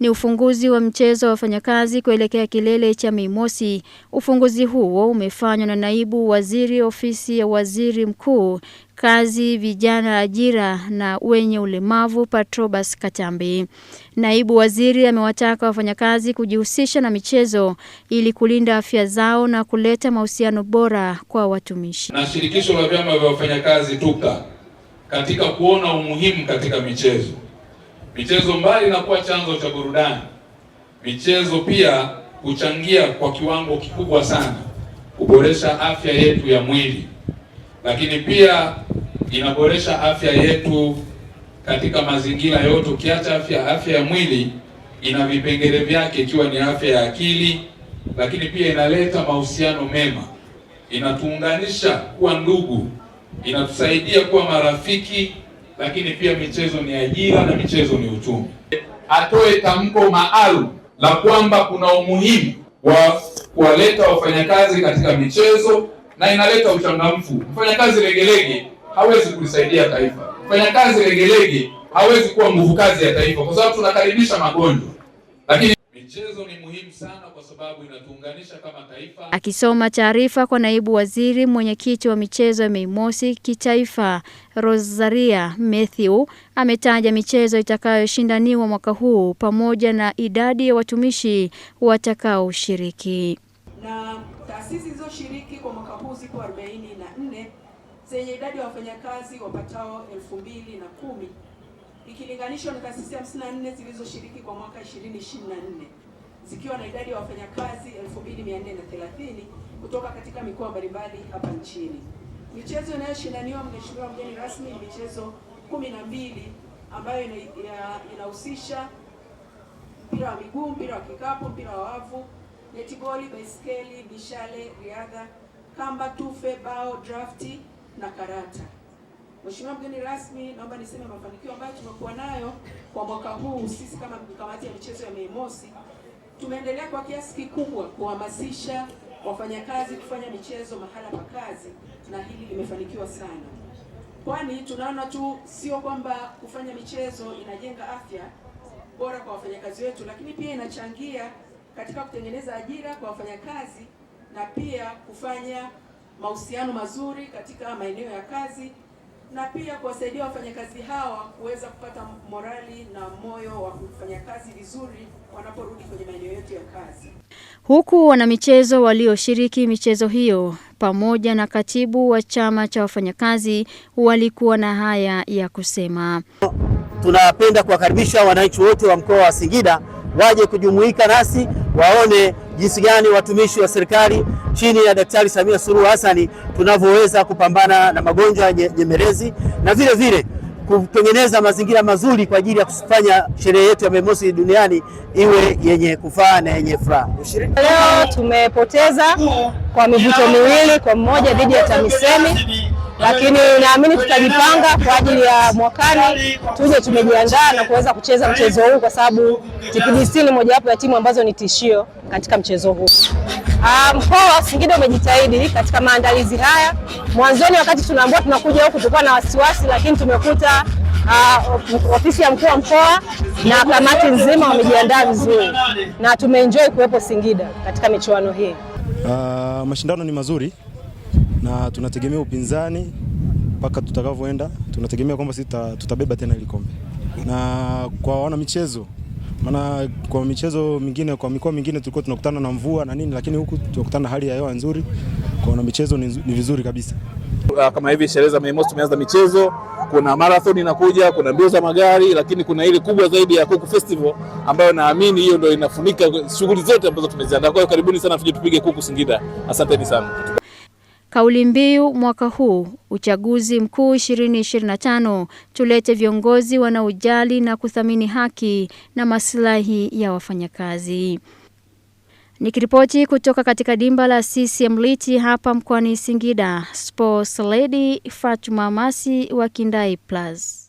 Ni ufunguzi wa mchezo wa wafanyakazi kuelekea kilele cha Mei Mosi. Ufunguzi huo umefanywa na naibu waziri ofisi ya waziri mkuu kazi, vijana, ajira na wenye ulemavu Patrobas Katambi. Naibu waziri amewataka wafanyakazi kujihusisha na michezo ili kulinda afya zao na kuleta mahusiano bora kwa watumishi. Na shirikisho la vyama vya wafanyakazi tuka katika kuona umuhimu katika michezo. Michezo mbali na kuwa chanzo cha burudani, michezo pia huchangia kwa kiwango kikubwa sana kuboresha afya yetu ya mwili, lakini pia inaboresha afya yetu katika mazingira yote. Ukiacha afya afya ya mwili, ina vipengele vyake, ikiwa ni afya ya akili, lakini pia inaleta mahusiano mema, inatuunganisha kuwa ndugu inatusaidia kuwa marafiki, lakini pia michezo ni ajira na michezo ni uchumi. Atoe tamko maalum la kwamba kuna umuhimu wa kuwaleta wafanyakazi katika michezo na inaleta uchangamfu. Mfanyakazi legelege hawezi kulisaidia taifa, mfanyakazi legelege hawezi kuwa nguvu kazi ya taifa, kwa sababu tunakaribisha magonjwa lakini sana kwa sababu inatuunganisha kama taifa. Akisoma taarifa kwa naibu waziri mwenyekiti wa michezo ya Mei Mosi kitaifa, Rosaria Matthew ametaja michezo itakayoshindaniwa mwaka huu pamoja na idadi ya watumishi watakaoshiriki. Na taasisi zilizoshiriki kwa mwaka huu zipo 44 zenye idadi ya wafanyakazi wapatao 2010 ikilinganishwa na taasisi 54 zilizoshiriki kwa mwaka 2024 zikiwa na idadi ya wafanyakazi 2430 kutoka katika mikoa mbalimbali hapa nchini. Michezo inayoshindaniwa Mheshimiwa mgeni rasmi ni michezo 12 ambayo inahusisha mpira wa miguu, mpira wa kikapu, mpira wa wavu, netiboli, baiskeli, mishale, riadha, kamba, tufe, bao, drafti na karata. Mheshimiwa mgeni rasmi, naomba niseme mafanikio ambayo tumekuwa nayo kwa mwaka huu sisi kama kamati ya michezo ya Mei Mosi tumeendelea kwa kiasi kikubwa kuhamasisha wafanyakazi kufanya michezo mahala pa kazi, na hili limefanikiwa sana, kwani tunaona tu sio kwamba kufanya michezo inajenga afya bora kwa wafanyakazi wetu, lakini pia inachangia katika kutengeneza ajira kwa wafanyakazi na pia kufanya mahusiano mazuri katika maeneo ya kazi na pia kuwasaidia wafanyakazi hawa kuweza kupata morali na moyo wa kufanya kazi vizuri wanaporudi kwenye maeneo yetu ya kazi. Huku wanamichezo walioshiriki michezo hiyo pamoja na katibu wa chama cha wafanyakazi walikuwa na haya ya kusema. Tunapenda kuwakaribisha wananchi wote wa mkoa wa Singida waje kujumuika nasi waone jinsi gani watumishi wa serikali chini ya Daktari Samia Suluhu Hassan tunavyoweza kupambana na magonjwa nyemelezi na vile vile kutengeneza mazingira mazuri kwa ajili ya kufanya sherehe yetu ya Mei Mosi duniani iwe yenye kufaa na yenye furaha. Leo tumepoteza kwa mivuto miwili, kwa mmoja dhidi ya TAMISEMI, lakini naamini tutajipanga kwa ajili ya mwakani, tuje tumejiandaa na kuweza kucheza mchezo huu, kwa sababu TPDC ni mojawapo ya timu ambazo ni tishio katika mchezo huu. Ah, mkoa um, wa Singida umejitahidi katika maandalizi haya. Mwanzoni wakati tunaambiwa tunakuja huku tulikuwa na wasiwasi, lakini tumekuta uh, ofisi ya mkuu wa mkoa na kamati nzima wamejiandaa vizuri na tumeenjoy kuwepo Singida katika michuano hii. Uh, mashindano ni mazuri na tunategemea upinzani mpaka tutakavyoenda, tunategemea kwamba sisi tutabeba tena ile kombe na kwa wana michezo maana kwa michezo mingine, kwa mikoa mingine tulikuwa tunakutana na mvua na nini, lakini huku tunakutana hali ya hewa nzuri. Kwa na michezo ni, ni vizuri kabisa. Ah, kama hivi sherehe za Mei Mosi tumeanza michezo, kuna marathon inakuja, kuna mbio za magari, lakini kuna ile kubwa zaidi ya Kuku Festival ambayo naamini hiyo ndio inafunika shughuli zote ambazo tumeziandaa. Kwa hiyo karibuni sana tuje tupige kuku Singida. Asanteni sana. Kauli mbiu mwaka huu uchaguzi mkuu 2025, tulete viongozi wanaojali na kuthamini haki na maslahi ya wafanyakazi. Nikiripoti kutoka katika dimba la CCM Liti hapa mkoani Singida, sports lady Fatuma Masi wa Kindai Plus.